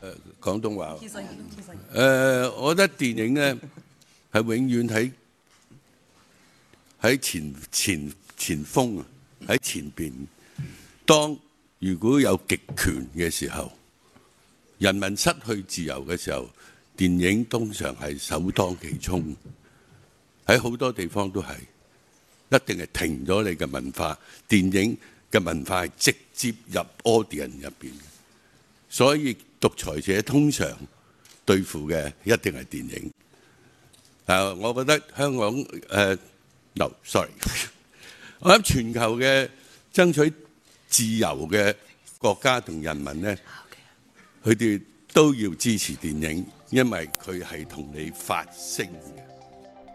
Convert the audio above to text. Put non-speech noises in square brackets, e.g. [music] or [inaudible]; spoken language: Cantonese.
誒廣東話誒，我覺得電影咧係永遠喺喺前前前鋒啊，喺前邊。當如果有極權嘅時候，人民失去自由嘅時候，電影通常係首當其衝，喺好多地方都係一定係停咗你嘅文化。電影嘅文化係直接入 audience 入邊嘅，所以。獨裁者通常對付嘅一定係電影。誒、uh，我覺得香港誒，流、uh, no，sorry， [laughs] 我諗全球嘅爭取自由嘅國家同人民呢，佢哋 Okay. 都要支持電影，因為佢係同你發聲嘅。